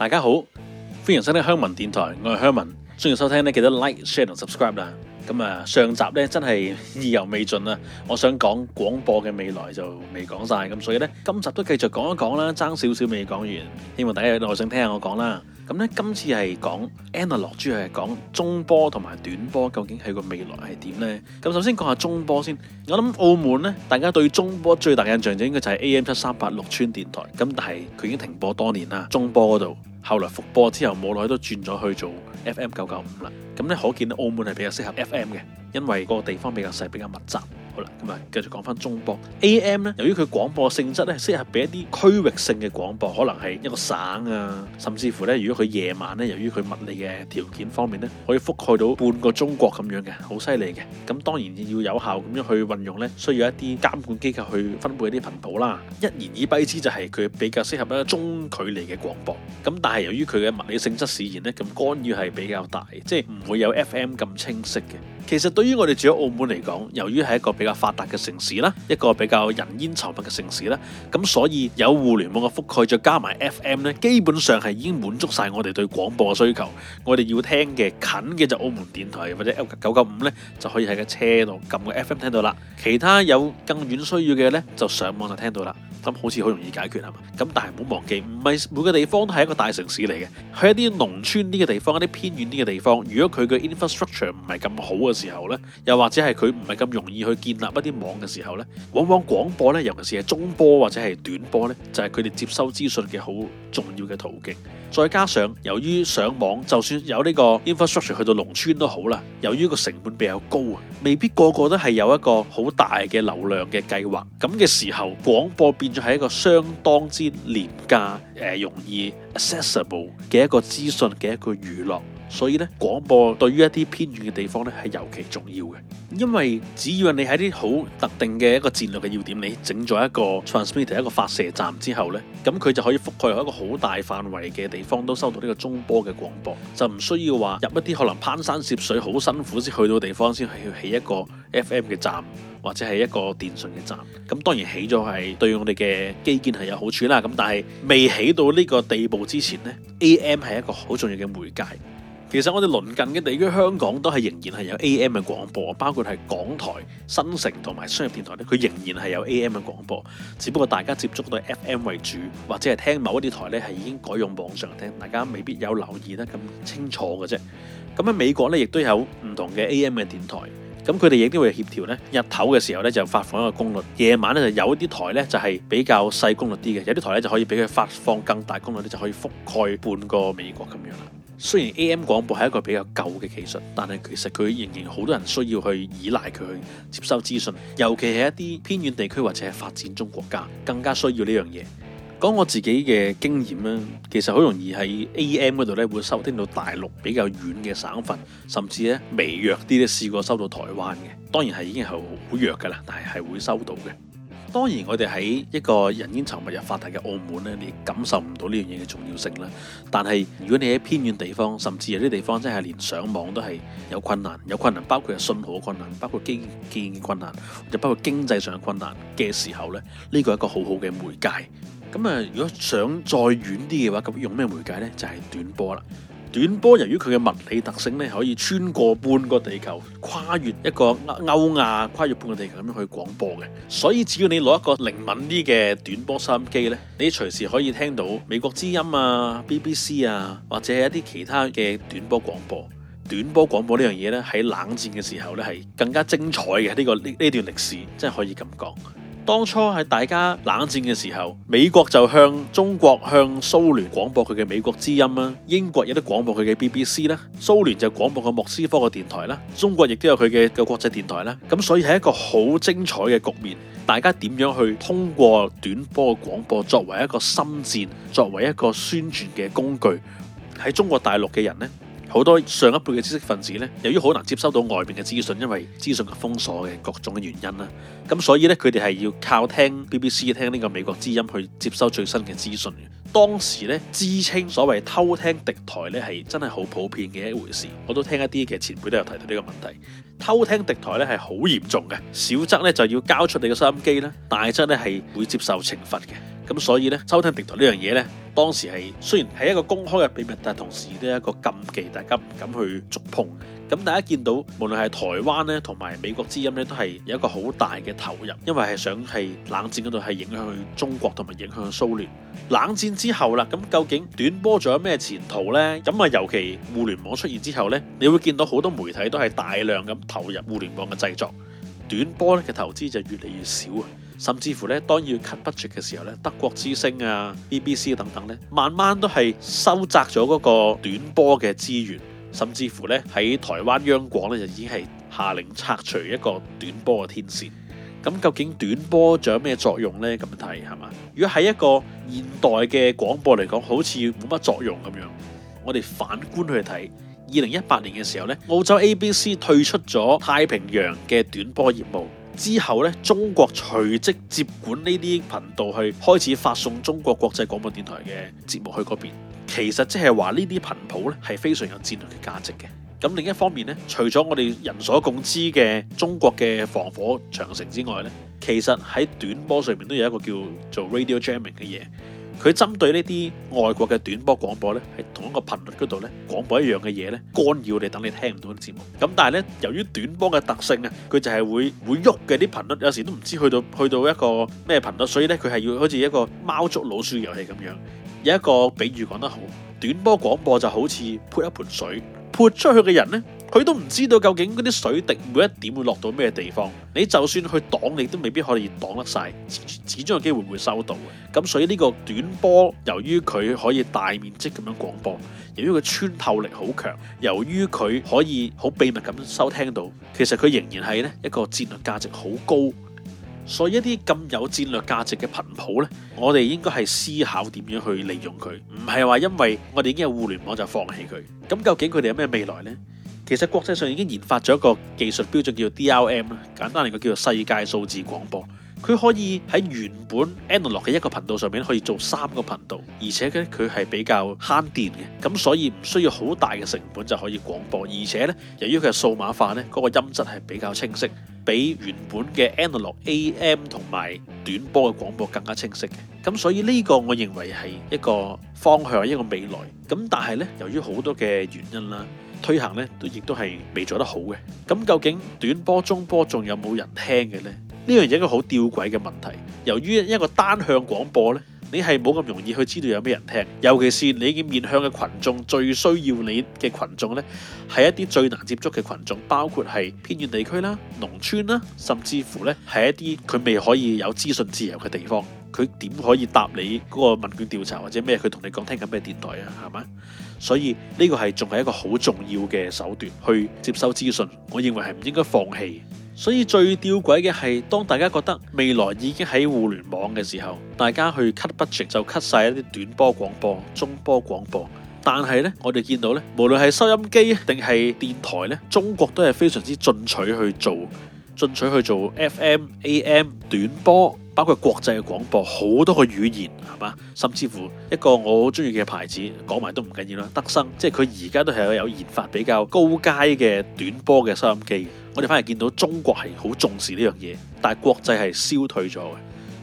大家好，歡迎收聽香文電台，我係香文，中意收聽咧，記得 like、share 同 subscribe 啦。咁啊，上集咧真係意猶未盡啊，我想講廣播嘅未來就未講晒，咁所以咧今集都繼續講一講啦，爭少少未講完，希望大家有耐性聽下我講啦。咁咧今次係講 analog，主要係講中波同埋短波究竟係個未來係點咧？咁首先講下中波先，我諗澳門咧，大家對中波最大嘅印象就應該就係 AM 七三八綠邨電台，咁但係佢已經停播多年啦，中波嗰度。後來復播之後，冇耐都轉咗去做 FM 九九五啦。咁，可見，澳門係比較適合 FM 嘅，因為個地方比較細，比較密集。好啦，咁啊，繼續講翻中波 AM 咧，由於佢廣播性質咧，適合俾一啲區域性嘅廣播，可能係一個省啊，甚至乎咧，如果佢夜晚咧，由於佢物理嘅條件方面咧，可以覆蓋到半個中國咁樣嘅，好犀利嘅。咁當然要有效咁樣去運用咧，需要一啲監管機構去分配一啲頻譜啦。一言以蔽之就係佢比較適合一個中距離嘅廣播。咁但係由於佢嘅物理性質使然咧，咁干擾係比較大，即係唔會有 FM 咁清晰嘅。其實對於我哋住喺澳門嚟講，由於係一個比較發達嘅城市啦，一個比較人煙稠密嘅城市啦，咁所以有互聯網嘅覆蓋，再加埋 FM 呢，基本上係已經滿足晒我哋對廣播嘅需求。我哋要聽嘅近嘅就澳門電台或者 L 九九五呢，就可以喺架車度撳個 FM 聽到啦。其他有更遠需要嘅呢，就上網就聽到啦。咁好似好容易解決係嘛？咁但係唔好忘記，唔係每個地方都係一個大城市嚟嘅，去一啲農村啲嘅地方，一啲偏遠啲嘅地方，如果佢嘅 infrastructure 唔係咁好嘅時候呢，又或者係佢唔係咁容易去建立一啲網嘅時候呢，往往廣播呢，尤其是係中波或者係短波呢，就係佢哋接收資訊嘅好重要嘅途徑。再加上由於上網，就算有呢個 infrastructure 去到農村都好啦，由於個成本比較高啊，未必個個都係有一個好大嘅流量嘅計劃。咁嘅時候，廣播變咗係一個相當之廉價誒，容易 accessible 嘅一個資訊嘅一個娛樂。所以咧，廣播對於一啲偏遠嘅地方咧係尤其重要嘅，因為只要你喺啲好特定嘅一個戰略嘅要點，你整咗一個 transmitter 一個發射站之後咧，咁佢就可以覆蓋喺一個好大範圍嘅地方都收到呢個中波嘅廣播，就唔需要話入一啲可能攀山涉水好辛苦先去到地方先去起一個 FM 嘅站或者係一個電訊嘅站。咁當然起咗係對我哋嘅基建係有好處啦。咁但係未起到呢個地步之前呢，AM 係一個好重要嘅媒介。其實我哋鄰近嘅地區，香港都係仍然係有 AM 嘅廣播，包括係港台、新城同埋商業電台咧，佢仍然係有 AM 嘅廣播。只不過大家接觸到 FM 為主，或者係聽某一啲台咧係已經改用網上聽，大家未必有留意得咁清楚嘅啫。咁喺美國咧，亦都有唔同嘅 AM 嘅電台。咁佢哋亦都會協調咧，日頭嘅時候咧就發放一個功率，夜晚咧就有一啲台咧就係比較細功率啲嘅，有啲台咧就可以俾佢發放更大功率咧，就可以覆蓋半個美國咁樣。雖然 AM 廣播係一個比較舊嘅技術，但係其實佢仍然好多人需要去依賴佢去接收資訊，尤其係一啲偏遠地區或者係發展中國家更加需要呢樣嘢。講我自己嘅經驗啦，其實好容易喺 AM 嗰度咧會收聽到大陸比較遠嘅省份，甚至咧微弱啲咧試過收到台灣嘅，當然係已經係好弱㗎喇，但係係會收到嘅。當然，我哋喺一個人煙稠密又發達嘅澳門咧，你感受唔到呢樣嘢嘅重要性啦。但係如果你喺偏遠地方，甚至有啲地方真係連上網都係有困難，有困難包括係信號嘅困難，包括基建嘅困難，就包括經濟上嘅困難嘅時候咧，呢個係一個好好嘅媒介。咁啊，如果想再遠啲嘅話，咁用咩媒介呢？就係短波啦。短波由於佢嘅物理特性咧，可以穿過半個地球，跨越一個歐亞，跨越半個地球咁樣去廣播嘅。所以只要你攞一個靈敏啲嘅短波收音機咧，你隨時可以聽到美國之音啊、BBC 啊，或者係一啲其他嘅短波廣播。短波廣播這件事呢樣嘢咧，喺冷戰嘅時候咧，係更加精彩嘅。呢個呢呢段歷史真係可以咁講。當初喺大家冷戰嘅時候，美國就向中國向蘇聯廣播佢嘅美國之音啦，英國亦都廣播佢嘅 BBC 啦，蘇聯就廣播個莫斯科嘅電台啦，中國亦都有佢嘅個國際電台啦。咁所以係一個好精彩嘅局面，大家點樣去通過短波嘅廣播作為一個心戰，作為一個宣傳嘅工具，喺中國大陸嘅人呢？好多上一輩嘅知識分子呢，由於好難接收到外邊嘅資訊，因為資訊嘅封鎖嘅各種嘅原因啦，咁所以呢，佢哋係要靠聽 BBC、聽呢個美國之音去接收最新嘅資訊嘅。當時呢，知青所謂偷聽敵台呢係真係好普遍嘅一回事。我都聽一啲嘅前輩都有提到呢個問題，偷聽敵台呢係好嚴重嘅，小則呢就要交出你嘅收音機啦，大則呢係會接受懲罰嘅。咁所以咧，收聽敵台呢樣嘢呢，當時係雖然係一個公開嘅秘密，但係同時都係一個禁忌，但係大家唔敢去觸碰。咁大家見到，無論係台灣呢，同埋美國之音呢，都係有一個好大嘅投入，因為係想係冷戰嗰度係影響中國同埋影響蘇聯。冷戰之後啦，咁究竟短波仲有咩前途呢？咁啊，尤其互聯網出現之後呢，你會見到好多媒體都係大量咁投入互聯網嘅製作，短波咧嘅投資就越嚟越少啊。甚至乎咧，當要 cut budget 嘅時候咧，德國之聲啊、BBC 等等咧，慢慢都係收窄咗嗰個短波嘅資源。甚至乎咧，喺台灣央廣咧就已經係下令拆除一個短波嘅天線。咁究竟短波仲有咩作用咧？咁睇係嘛？如果喺一個現代嘅廣播嚟講，好似冇乜作用咁樣，我哋反觀去睇，二零一八年嘅時候咧，澳洲 ABC 退出咗太平洋嘅短波業務。之後咧，中國隨即接管呢啲頻道，去開始發送中國國際廣播電台嘅節目去嗰邊。其實即係話呢啲頻譜咧，係非常有戰略嘅價值嘅。咁另一方面咧，除咗我哋人所共知嘅中國嘅防火長城之外咧，其實喺短波上面都有一個叫做 radio jamming 嘅嘢。佢針對呢啲外國嘅短波廣播呢，係同一個頻率嗰度呢，廣播一樣嘅嘢呢，干擾你，等你聽唔到啲節目。咁但係呢，由於短波嘅特性啊，佢就係會會喐嘅啲頻率，有時都唔知去到去到一個咩頻率，所以呢，佢係要好似一個貓捉老鼠遊戲咁樣。有一個比喻講得好，短波廣播就好似潑一盆水，潑出去嘅人呢。佢都唔知道究竟嗰啲水滴每一點會落到咩地方，你就算去擋，你都未必可以擋得晒，始終有機會會收到嘅。咁所以呢個短波，由於佢可以大面積咁樣廣播，由於佢穿透力好強，由於佢可以好秘密咁收聽到，其實佢仍然係咧一個戰略價值好高。所以一啲咁有戰略價值嘅頻譜咧，我哋應該係思考點樣去利用佢，唔係話因為我哋已經有互聯網就放棄佢。咁究竟佢哋有咩未來咧？其實國際上已經研發咗一個技術標準叫 DRM 啦，簡單嚟講叫做世界數字廣播。佢可以喺原本 analog 嘅一個頻道上面可以做三個頻道，而且咧佢係比較慳電嘅，咁所以唔需要好大嘅成本就可以廣播。而且咧，由於佢係數碼化咧，嗰個音質係比較清晰，比原本嘅 analog AM 同埋短波嘅廣播更加清晰嘅。咁所以呢個我認為係一個方向，一個未來。咁但係咧，由於好多嘅原因啦。推行咧都亦都係未做得好嘅。咁究竟短波、中波仲有冇人聽嘅呢？呢樣嘢一個好吊詭嘅問題。由於一個單向廣播呢，你係冇咁容易去知道有咩人聽，尤其是你嘅面向嘅群眾，最需要你嘅群眾呢，係一啲最難接觸嘅群眾，包括係偏遠地區啦、農村啦，甚至乎呢，係一啲佢未可以有資訊自由嘅地方。佢點可以答你嗰個問卷調查或者咩？佢同你講聽緊咩電台啊？係咪？所以呢個係仲係一個好重要嘅手段去接收資訊，我認為係唔應該放棄。所以最吊詭嘅係當大家覺得未來已經喺互聯網嘅時候，大家去 cut budget 就 cut 晒一啲短波廣播、中波廣播。但係呢，我哋見到呢，無論係收音機定係電台呢，中國都係非常之進取去做。進取去做 FM、AM 短波，包括國際嘅廣播，好多個語言係嘛，甚至乎一個我好中意嘅牌子，講埋都唔緊要啦。德生，即係佢而家都係有研發比較高階嘅短波嘅收音機。我哋反而見到中國係好重視呢樣嘢，但係國際係消退咗嘅，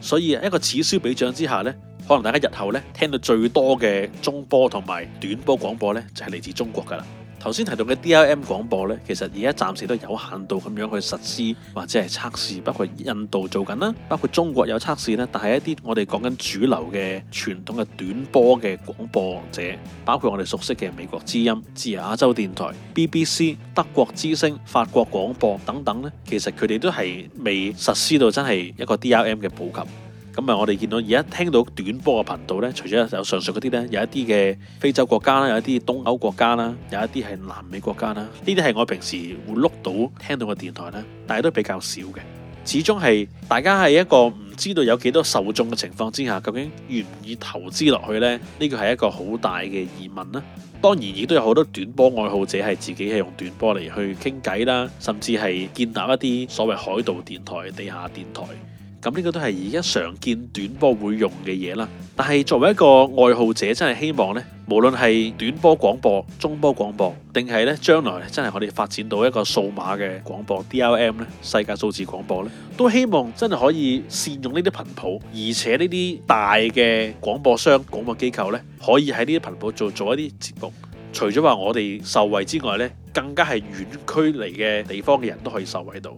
所以一個此消彼長之下呢，可能大家日後呢聽到最多嘅中波同埋短波廣播呢，就係嚟自中國㗎啦。頭先提到嘅 DRM 廣播咧，其實而家暫時都有限度咁樣去實施或者係測試，包括印度做緊啦，包括中國有測試啦，但係一啲我哋講緊主流嘅傳統嘅短波嘅廣播者，包括我哋熟悉嘅美國之音、自由亞洲電台、BBC、德國之聲、法國廣播等等咧，其實，佢哋都係未實施到真係一個 DRM 嘅普及。咁啊！我哋見到而家聽到短波嘅頻道咧，除咗有上述嗰啲咧，有一啲嘅非洲國家啦，有一啲東歐國家啦，有一啲係南美國家啦。呢啲係我平時會碌到聽到嘅電台啦，但係都比較少嘅。始終係大家喺一個唔知道有幾多受眾嘅情況之下，究竟願唔願意投資落去咧？呢個係一個好大嘅疑問啦。當然亦都有好多短波愛好者係自己係用短波嚟去傾偈啦，甚至係建立一啲所謂海盜電台、地下電台。咁呢個都係而家常見短波會用嘅嘢啦，但係作為一個愛好者，真係希望呢，無論係短波廣播、中波廣播，定係呢將來真係我哋發展到一個數碼嘅廣播 （DLM），世界數字廣播呢，都希望真係可以善用呢啲頻譜，而且呢啲大嘅廣播商、廣播機構呢，可以喺呢啲頻譜做做一啲節目。除咗話我哋受惠之外呢，更加係遠距離嘅地方嘅人都可以受惠到。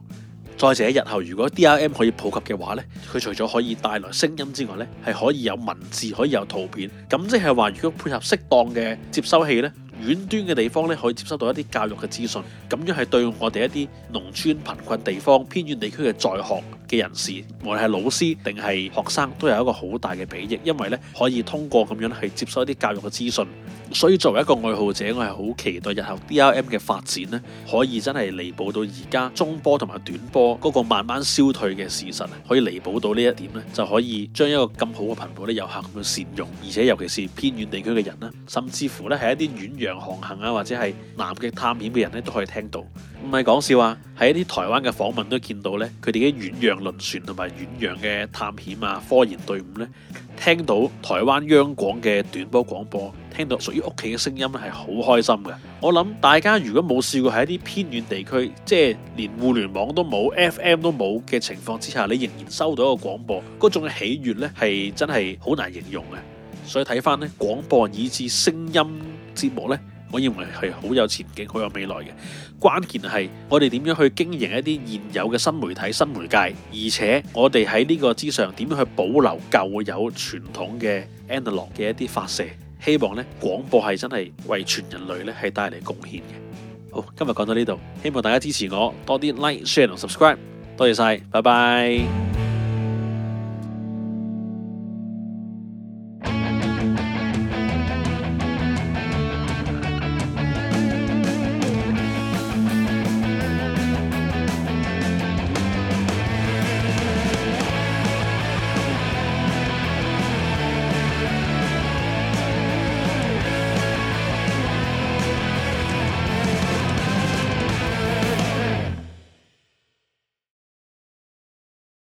再者，日後如果 DRM 可以普及嘅話呢，佢除咗可以帶來聲音之外呢，係可以有文字，可以有圖片，咁即係話，如果配合適當嘅接收器呢，遠端嘅地方呢，可以接收到一啲教育嘅資訊，咁樣係對我哋一啲農村貧困地方、偏遠地區嘅在學嘅人士，無論係老師定係學生，都有一個好大嘅裨益，因為咧可以通過咁樣去接收一啲教育嘅資訊。所以作為一個愛好者，我係好期待日後 DRM 嘅發展咧，可以真係彌補到而家中波同埋短波嗰個慢慢消退嘅事實，可以彌補到呢一點咧，就可以將一個咁好嘅頻譜咧，有效咁樣善用，而且尤其是偏遠地區嘅人咧，甚至乎咧係一啲遠洋航行啊，或者係南極探險嘅人咧，都可以聽到。唔係講笑話，喺一啲台灣嘅訪問都見到咧，佢哋嘅遠洋。輪船同埋遠洋嘅探險啊，科研隊伍咧，聽到台灣央廣嘅短波廣播，聽到屬於屋企嘅聲音咧，係好開心嘅。我諗大家如果冇試過喺一啲偏遠地區，即係連互聯網都冇、FM 都冇嘅情況之下，你仍然收到一個廣播，嗰種喜悦咧，係真係好難形容嘅。所以睇翻咧，廣播以至聲音節目咧。我認為係好有前景、好有未來嘅。關鍵係我哋點樣去經營一啲現有嘅新媒體、新媒介，而且我哋喺呢個之上點樣去保留舊有傳統嘅 analogue 嘅一啲發射，希望呢廣播係真係為全人類呢係帶嚟貢獻嘅。好，今日講到呢度，希望大家支持我多啲 like、share 同 subscribe，多謝晒，拜拜。